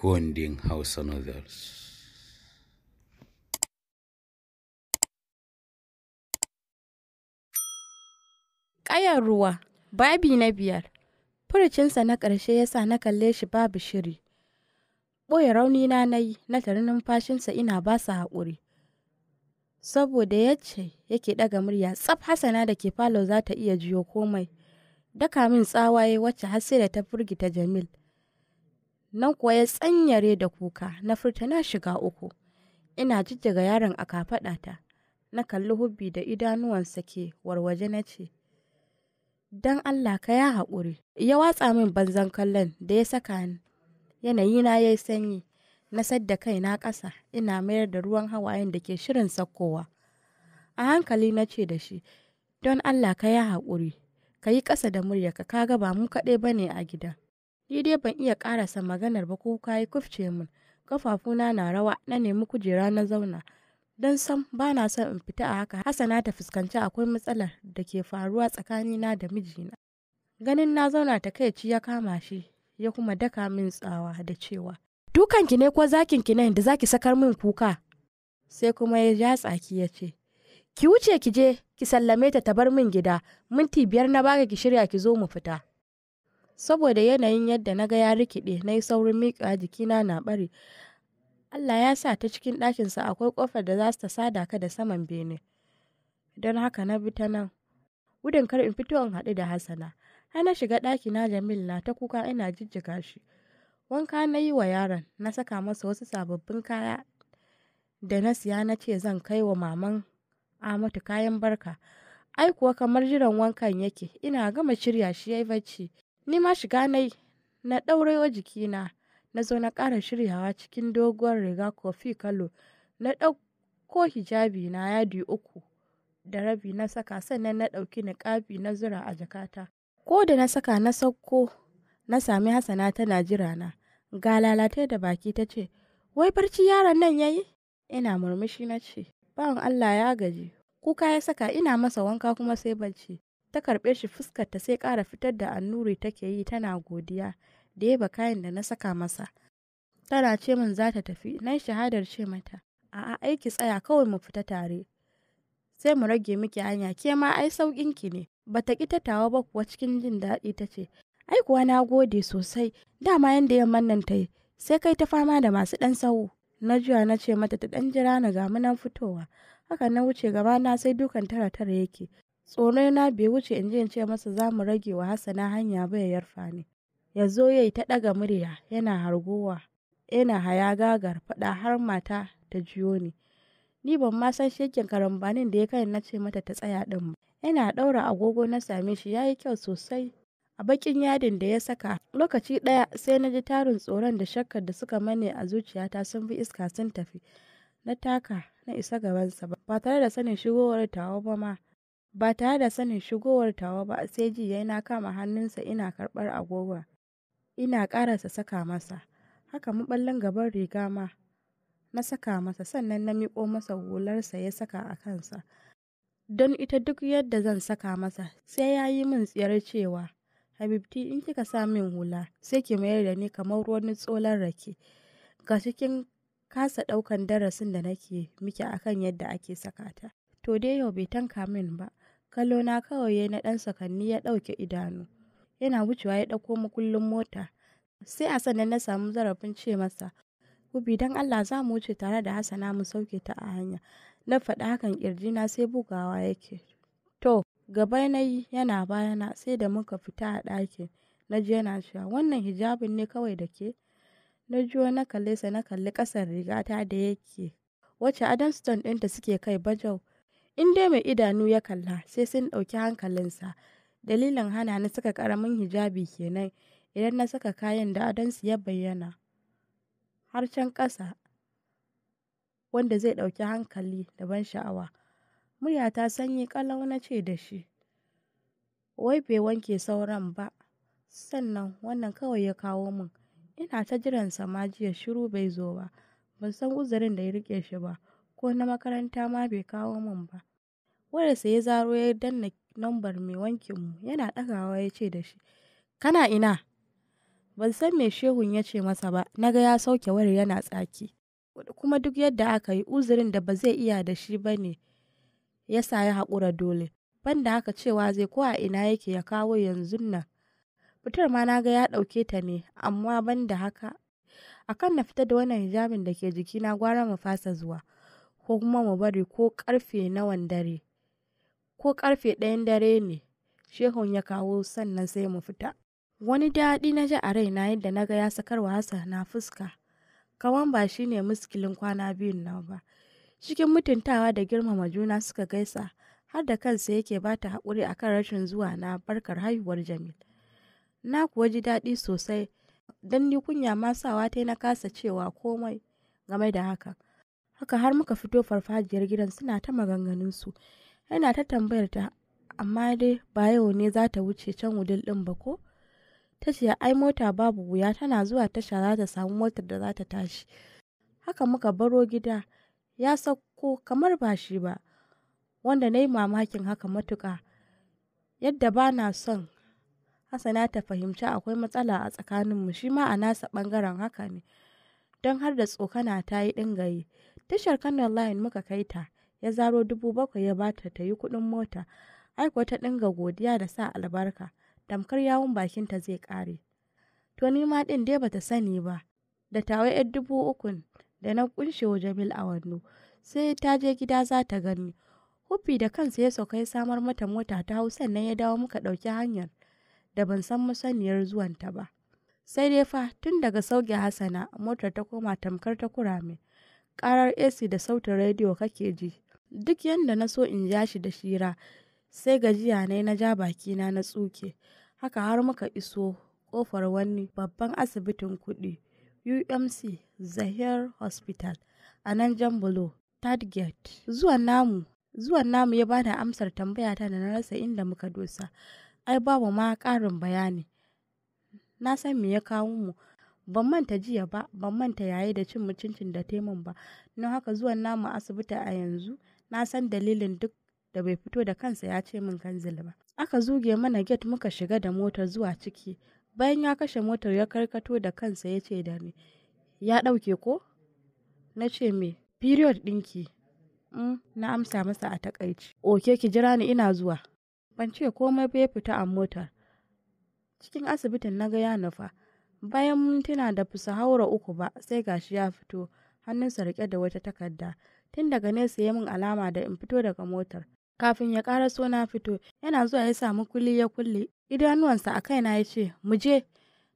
kundin Hausa Novels. Ƙayar ruwa, babi na biyar. Furucinsa na ƙarshe ya sa na kalle shi babu shiri. Ɓoye rauni na yi na tari numfashinsa ina ba su haƙuri. Saboda ya ce yake ɗaga murya tsaf Hassana da ke falo za ta iya jiyo komai. Daka min tsawaye wacce har sai da ta firgita Jamil. nan kuwa ya tsanyare da kuka na furta na shiga uku ina jijjiga yaron a kafaɗata na kalli hubbi da idanuwansa ke warwaje na ce don allah ka ya haƙuri ya watsa min banzan kallon da ya saka ni yanayina ya yi sanyi na sadda na ƙasa ina mayar da ruwan hawayen da ke shirin sakkowa a hankali na ce da shi don allah ka ya haƙuri ka yi ƙasa da muryarka ka ga ba mu kaɗai ba ne a gidan Ni dai ban iya ƙarasa maganar ba ko kayi kufce min, Kafafuna na rawa na nemi kujera na zauna. Don sam ba na son in fita a haka Hassana ta fuskanci akwai matsalar da ke faruwa tsakanina da mijina. Ganin na zauna ta kai ya kama shi ya kuma daka min tsawa da cewa dukanki ne ko zakin ki nan da zaki sakar min kuka. Sai kuma ya ja tsaki ya ce ki wuce ki je ki sallame ta ta bar min gida minti biyar na baka ki shirya ki zo mu fita. saboda yanayin yadda na ga ya rikide na yi saurin miƙa jikina na ɓare allah ya sa ta cikin ɗakinsa akwai ƙofar da za su ta sada ka da saman bene don haka na bi ta nan gudun kar in fito in haɗu da hasana har na shiga ɗaki na jamil na ta kuka ina jijjiga shi wanka na yi wa yaron na saka masa wasu sababbin kaya da na siya na ce zan kai wa maman amatu kayan barka ai kuwa kamar jiran wankan yake ina gama shirya shi ya yi bacci Ni ma shiga na na ɗaurayo jikina, na zo na ƙara shiryawa cikin doguwar riga kofi kalo, na ɗauko na yadi uku da rabi na saka sannan na ɗauki niƙabi na zura a jakata. Ko da na saka na sauko na sami Hassana tana jira na. Ga lalatai da baki ta ce, Wai barci yaron nan ya yi? Ina murmushi na ce, Bawan Allah ya gaji. Kuka ya saka ina masa wanka kuma sai barci. ta karɓe shi fuskarta sai ƙara fitar da annuri take yi tana godiya da ya kayan da na saka masa tana ce min za ta tafi na shahadar ce mata a'a aiki tsaya kawai mu fita tare sai mu rage miki hanya ke ma ai saukin ki ne bata ki ta tawa ba kuwa cikin jin daɗi ta ce ai kuwa na gode sosai dama yanda yamman nan ta yi sai kai ta fama da masu ɗan sahu na juya na ce mata ta ɗan jira na ga munan fitowa haka na wuce gaba na sai dukan tara tara yake tsoro na bai wuce in je in ce masa za mu rage wa Hassana hanya bai yarfa ne. Ya zo ya yi ta ɗaga murya yana hargowa, yana hayagagar faɗa har mata ta jiyo ni. Ni ban ma san shekin karambanin da ya kai na ce mata ta tsaya ɗin ba. Yana ɗaura agogo na same shi ya yi kyau sosai. A bakin yadin da ya saka lokaci ɗaya sai na ji tarin tsoron da shakkar da suka mane a zuciyata sun bi iska sun tafi. Na taka na isa gabansa ba tare da sanin shigowar tawo ba ma. Ba tare da sanin shigowar tawa ba sai ji yayi na kama hannunsa ina karɓar agogo ina ƙarasa saka masa, haka maɓallin gaban riga ma na saka masa sannan na miƙo masa hularsa ya saka a kansa, don ita duk yadda zan saka masa sai ya yi min tsiyar cewa, Habibti in kika sa min hula sai ki mayar da ni kamar wani tsolan rake, ga cikin kasa ɗaukan darasin da nake miki akan yadda ake saka ta, to dai yau bai tanka min ba. Kallo na kawai ya na ɗan sakanni ya ɗauke idanu. Yana wucewa ya ɗauko makullin mota. Sai a sannan na samu zarafin ce masa, Kubi don Allah za mu wuce tare da Hassana mu sauke ta a hanya. Na faɗi hakan ƙirjina sai bugawa yake. To, gaba na yi yana bayana sai da muka fita a ɗakin. Na ji yana cewa wannan hijabin ne kawai da ke. Na juyo na kalle sa na kalli ƙasar rigata da yake. Wacce adamston Stone ɗinta suke kai bajau. in dai mai idanu ya kalla sai sun ɗauki hankalinsa dalilin hana na saka ƙaramin hijabi kenan idan na saka kayan da adansu ya bayyana har can ƙasa wanda zai ɗauki hankali da ban sha'awa murya ta sanyi ƙalau na ce da shi wai bai wanke sauran ba sannan wannan kawai ya kawo min ina ta jiransa ma jiya shiru bai zo ba ban san uzurin da ya rike shi ba ko na makaranta ma bai kawo min ba sai ya zaro ya danna lambar mai wankin mu yana ɗagawa ya ce da shi, Kana ina? Ban san me shehun ya ce masa ba, na ga ya sauke wari yana tsaki. Kuma duk yadda aka yi uzurin da ba zai iya da shi ba ne, ya sa ya haƙura dole. Banda haka cewa zai ko a ina yake ya kawo yanzu nan. Fitar ma na ga ya ɗauke ta ne, amma banda haka akan na fita da wannan hijabin da ke jikina gwara mu fasa zuwa ko kuma mu bari ko karfe nawan dare ko karfe ɗayan dare ne shehun ya kawo sannan sai mu fita wani daɗi na ji a raina yadda na ga ya sakarwa Hassan na fuska kawan ba shi ne muskilin kwana biyun nan ba cikin mutuntawa da girmama juna suka gaisa har da kansa yake ba ta haƙuri a kan rashin zuwa na barkar haihuwar jamil na kuwa ji daɗi sosai don ni kunya ma sawa ta na kasa cewa komai game da haka haka har muka fito farfajiyar gidan suna ta maganganunsu yana ta tambayar ta amma dai ba yau ne za ta wuce can wudil ɗin ba ko ta ce ai mota babu wuya tana zuwa tasha za ta samu motar da za ta tashi haka muka baro gida ya sauko kamar ba shi ba wanda na yi mamakin haka matuƙa yadda ba na son hasana ta fahimci akwai matsala a tsakaninmu shi ma a nasa ɓangaren haka ne don har da tsokana ta yi ɗingaye tashar kano line muka kai ta ya zaro dubu bakwai ya bata ta yi kuɗin mota. Aiko ta ɗinga godiya da sa albarka, tamkar yawun bakinta zai ƙare. To ni ma din dai bata sani ba, da tawa ‘yar dubu uku da na ƙunshe wa Jamil a wannu, sai ta je gida za ta gani. hufi da kansa ya sauka ya samar mata mota ta Hausa, sannan ya dawo muka ɗauki hanyar da ban san masaniyar zuwanta ba. Sai dai fa tun daga sauke Hassana motar ta koma tamkar ta kurame. Karar AC da sautin rediyo kake ji Duk yadda na so in ja shi da shira, sai gajiya nai na ja bakina na tsuke, haka har muka iso kofar wani babban asibitin kuɗi UMC Zahir Hospital a nan Jan Bulo, Third Gate. Zuwan namu Zuwan namu ya bada amsar tambayata da na rasa inda muka dosa. Ai babu ma ƙarin bayani. Na san me ya kawo mu. Ban manta jiya ba, ban manta yayi da cin mutuncin da taimun ba. Don haka zuwan namu asibiti a yanzu na san dalilin duk da bai fito da kansa ya ce min kanzil ba. Aka zuge mana get muka shiga da motar zuwa ciki, bayan ya kashe motar ya karkato da kansa ya ce da ni, ya ɗauke ko? Na ce me, period ɗinki. Mm, na amsa masa a takaici. Oke ki jira ni ina zuwa. Ban ce komai bai fita a motar. Cikin asibitin na ga ya nufa. Bayan mintuna da fusa haura uku ba sai gashi ya fito hannunsa rike da wata takarda. tun daga nesa ya min alama da in fito daga motar. Kafin ya so na fito, yana zuwa ya samu kulli ya kulle, idanuwansa a kaina ya ce, mu je,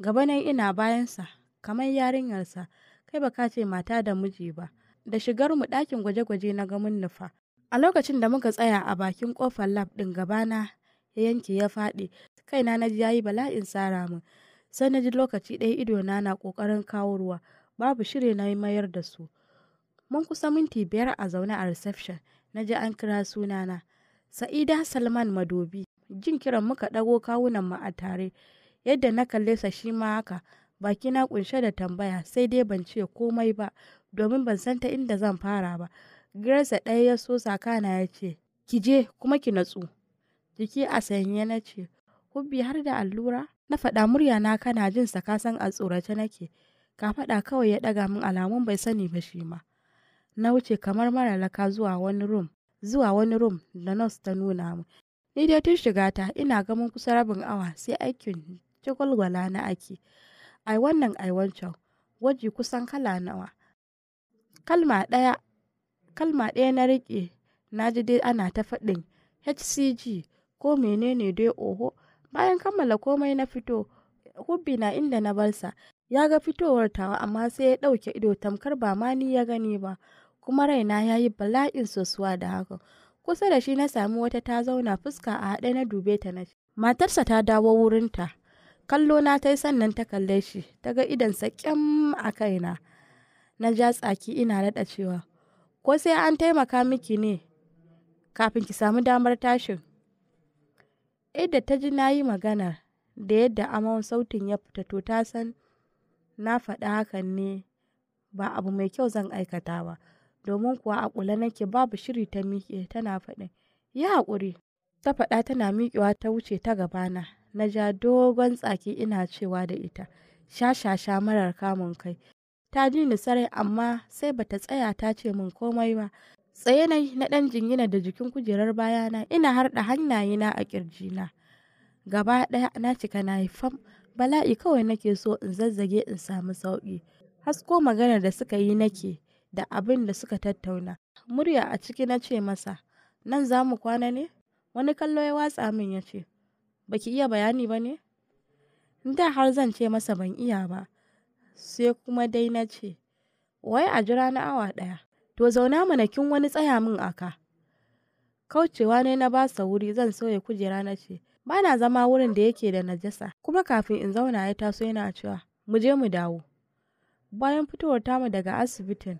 gaba ina bayansa, kamar yarinyarsa, kai baka ce mata da miji ba. Da shigar mu ɗakin gwaje-gwaje na gamin nufa. A lokacin da muka tsaya a bakin kofar lab ɗin gabana ya yanke ya faɗi, kaina na ji yayi bala'in tsara min. Sai na ji lokaci ɗaya idona na ƙoƙarin kawo ruwa, babu shiri na mayar da su. Mun kusa minti biyar a zaune a reception na ji an kira sunana, Sa'ida Salman Madobi. Jin kiran muka ɗago kawunanmu a tare, yadda na kalle sa shi ma haka, baki na kunshe da tambaya sai dai ban ce komai ba domin ban san ta inda zan fara ba. Girarsa ɗaya ya so sakana ya ce, Ki je kuma ki natsu. Jiki a sanye na ce, Hubbi har da allura? Na faɗa murya na kana jin sa kasan a tsorace nake. Ka faɗa kawai ya ɗaga min alamun bai sani ba shi ma. na wuce kamar mara laka zuwa wani rum zuwa wani rum da nurse ta nuna mu ni dai tun shiga ta ina mun kusa rabin awa sai aikin jagwalgwala na ake ai wannan ai wancan gwaji kusan kala nawa kalma ɗaya kalma ɗaya na rike na ji dai ana ta faɗin hcg ko menene dai oho bayan kammala komai na fito hubbi na inda na barsa ya ga fitowar tawa amma sai ya ɗauke ido tamkar ba ma ni ya gani ba kuma raina ya yi bala'in sosuwa da haka Kusa da shi na sami wata ta zauna fuska a haɗe na dube ta na Matarsa ta dawo wurinta. Kallo na ta yi sannan ta kalle shi, ta ga sa kyan a kaina. Na ja tsaki ina raɗa cewa, ko sai an taimaka miki ne kafin ki samu damar tashin. yadda ta ji na yi magana da yadda amon sautin ya fita to ta san na faɗa hakan ne ba abu mai kyau zan aikata ba. domin kuwa a kula nake babu shiri ta miƙe tana faɗin yi haƙuri ta faɗa tana miƙewa ta wuce ta gabana na ja dogon tsaki ina cewa da ita shashasha marar kamun kai ta ji ni sarai amma sai bata tsaya ta ce min komai ba tsaye na na ɗan jingina da jikin kujerar bayana ina har da hannayena a ƙirjina gaba ɗaya na cika na yi fam bala'i kawai nake so in zazzage in samu sauƙi hasko maganar da suka yi nake da abin da suka tattauna. Murya a ciki na ce masa, Nan za mu kwana ne? Wani kallo ya watsa min ya ce, Baki iya bayani ba ne? Da har zan ce masa ban iya ba, sai kuma dai na ce, Wai a jira na awa ɗaya, to zauna mana kin wani tsaya min aka. Kaucewa ne na basa wuri zan sauya kujera na ce, Ba na zama wurin da yake da najasa, kuma kafin in zauna ya taso yana cewa, Mu je mu dawo. Bayan fitowar tamu daga asibitin,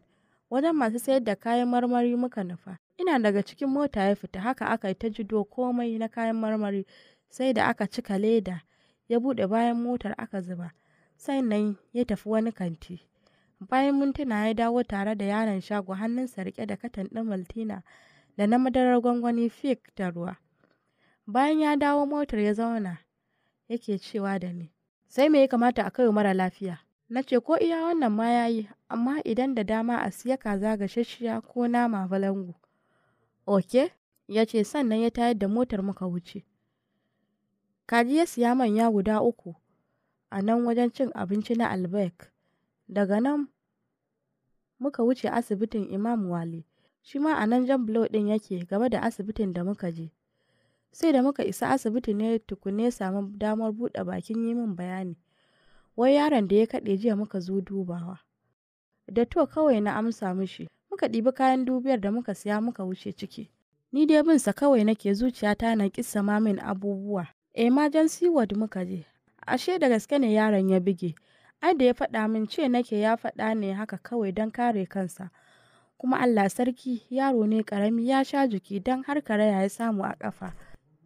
Wajen masu sayar da kayan marmari muka nufa, ina daga cikin mota ya fita, haka aka yi ta jido komai na kayan marmari sai da aka cika leda, ya buɗe bayan motar aka zuba, sannan ya tafi wani kanti. Bayan mintuna ya dawo tare da yaron shago hannunsa rike da katan ɗin Maltina da na madarar gwangwani fik da ruwa. Bayan ya dawo motar ya zauna yake cewa da ni, sai me ya kamata a kai mara lafiya? Na ce ko iya wannan ma ya yi, amma idan da dama a siya kaza shashiya ko nama balangu. Oke, ya ce sannan ya tayar da motar muka wuce. Kaji ya siya manya guda uku a nan wajen cin abinci na Albek. Daga nan muka wuce asibitin Imam Wale, shi ma a nan jan bulo din yake game da asibitin da muka je. Sai da muka isa asibiti ne tukune samu damar buɗe bakin yi min bayani. wai yaron da ya kaɗe jiya muka zo dubawa. Da to kawai na amsa mishi, muka ɗibi kayan dubiyar da muka siya muka wuce ciki. Ni dai binsa kawai nake zuciyata na kissa mamin abubuwa. Emergency ward muka je. Ashe da gaske ne yaron ya bige. Ai da ya faɗa min ce nake ya faɗa ne haka kawai don kare kansa. Kuma Allah sarki yaro ne karami ya sha jiki don har karaya ya samu a ƙafa.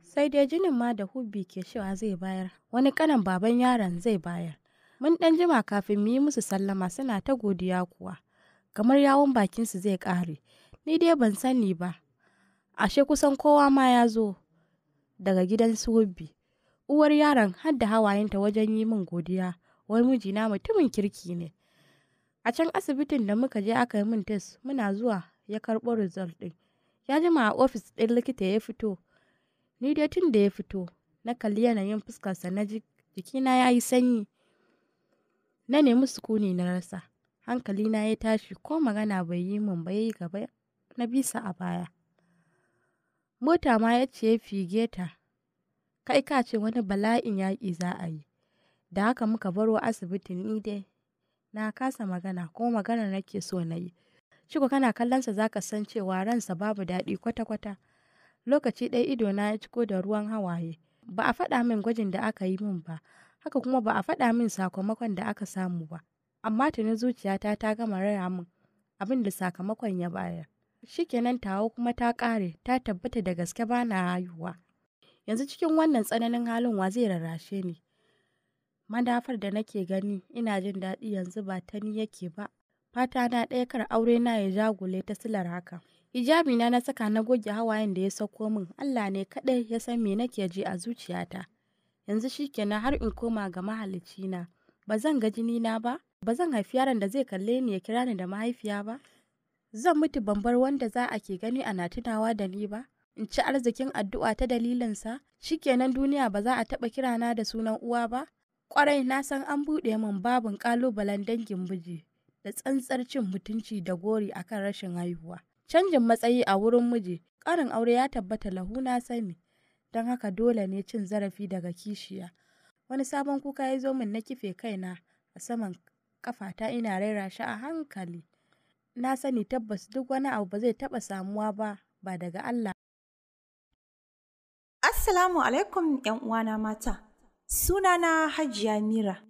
Sai dai jinin ma da hubbi ke cewa zai bayar, wani ƙanan baban yaron zai bayar. Mun ɗan jima kafin mu yi musu sallama suna ta godiya kuwa, kamar yawon bakin su zai ƙare, ni dai ban sani ba, ashe kusan kowa ma ya zo daga gidan su Uwar yaron har da hawayenta wajen yi min godiya, wai mijina mutumin kirki ne. A can asibitin da muka je aka yi min test muna zuwa ya karɓo result ɗin. Ya jima a ofis ɗin likita ya fito. Ni dai tun da ya fito, na kalli yanayin fuskarsa na jikina ya yi sanyi. Na nemi sukuni na rasa, Hankali na ya tashi ko magana bai yi min ba ya yi gaba na bisa a baya. Mota ma ya ce fige ta, kai ka ce wani bala'in yaƙi za a yi, da haka muka baro asibiti ni dai. Na kasa magana ko magana nake so na yi. Shiko kana kallonsa za ka san cewa ransa babu daɗi kwata-kwata. Lokaci ɗaya na ya ciko da ruwan hawaye. Ba a faɗa min gwajin da aka yi min ba, haka kuma ba a faɗa min sakamakon da aka samu ba, amma tuni zuciyata ta gama raya min abin da sakamakon ya bayar. Shikenan tawo kuma ta ƙare, ta tabbata da gaske ba na rayuwa. Yanzu cikin wannan tsananin halin wa zai rarrashe ni. Madafar da nake gani ina jin daɗi yanzu ba ta ni yake ba. Fata na ɗaya kar aure na ya jagule ta silar haka. Hijabi na na saka na goge hawayen da ya sauko min. Allah ne kaɗai ya san me nake ji a zuciyata. yanzu shi kenan har in koma ga mahalicina ba zan ga na ba ba zan haifi yaron da zai kalle ni ya kira ni da mahaifiya ba zan mutu bambar wanda za a ke gani ana tunawa da ni ba in ci arzikin addu'a ta dalilin dalilinsa shikenan duniya ba za a taɓa kirana da sunan uwa ba kwarai na san an buɗe min babin ƙalubalen dangin miji da tsantsar cin mutunci da gori akan rashin haihuwa canjin matsayi a wurin miji ƙarin aure ya tabbata lahu na sani don haka dole ne cin zarafi daga kishiya. Wani sabon kuka ya zo min na kife kaina a saman kafata ina raira shi a hankali. Na sani tabbas duk wani abu ba zai taɓa samuwa ba ba daga Allah. Assalamu alaikum ‘yan uwana mata, sunana Hajiya Mira.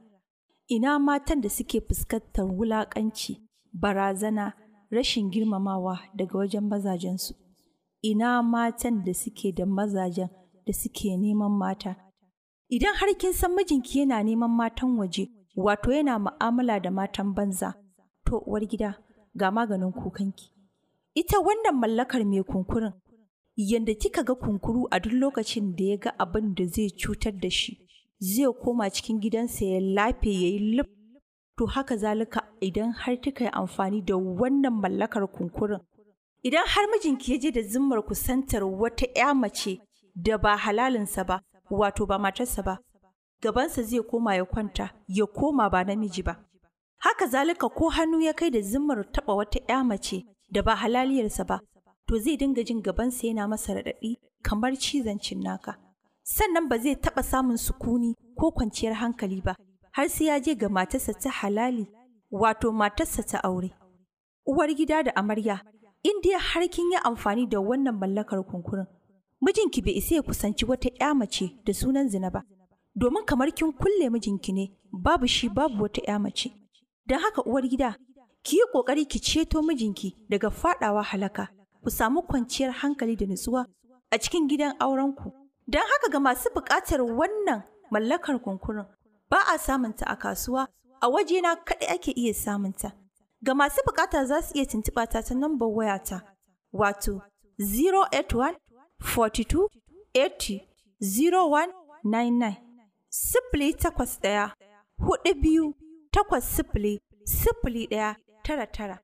Ina matan da suke fuskantar wulakanci barazana, rashin girmamawa daga wajen mazajensu. Ina matan da suke da mazajen da suke neman mata. Idan har kin san mijinki yana neman matan waje, wato yana mu'amala da matan banza, to uwar gida ga maganin kukanki. Ita wannan mallakar mai kunkurin, yadda kika ga kunkuru a duk lokacin da ya ga abin da zai cutar da shi, zai koma cikin gidansa ya lafe ya yi lif. To haka zalika idan har kika yi amfani da wannan mallakar kunkurin, idan har mijinki ya je da zimmar kusantar wata 'ya mace da ba halalinsa ba, wato ba matarsa ba, gabansa zai koma ya kwanta, ya koma ba namiji ba. Haka zalika ko hannu ya kai da zimmar taɓa wata ‘ya mace da ba halaliyarsa ba, to zai dinga jin gabansa yana masa raɗaɗi kamar cizon naka. Sannan ba zai taɓa samun sukuni ko kwanciyar hankali ba, har sai ya je ga matarsa ta halali, wato matarsa ta aure. Uwar gida da amarya, in dai har kin yi amfani da wannan mallakar kunkurin, mijinki bai isa ya kusanci wata ‘ya mace da sunan zina ba, domin kamar kin kulle mijinki ne babu shi babu wata ‘ya mace. Don haka uwar gida, ki yi ƙoƙari ki ceto mijinki daga faɗawa halaka, ku samu kwanciyar hankali da nutsuwa a cikin gidan aurenku. Don haka ga masu buƙatar wannan mallakar kunkurin, ba a samunta a kasuwa, a wajena kaɗai ake iya samunta. Ga masu buƙata za su iya tuntuɓa ta ta nambar wayata, wato 081 42 80 0199 sifili takwas ɗaya hudu biyu takwas sifili sifili ɗaya tara tara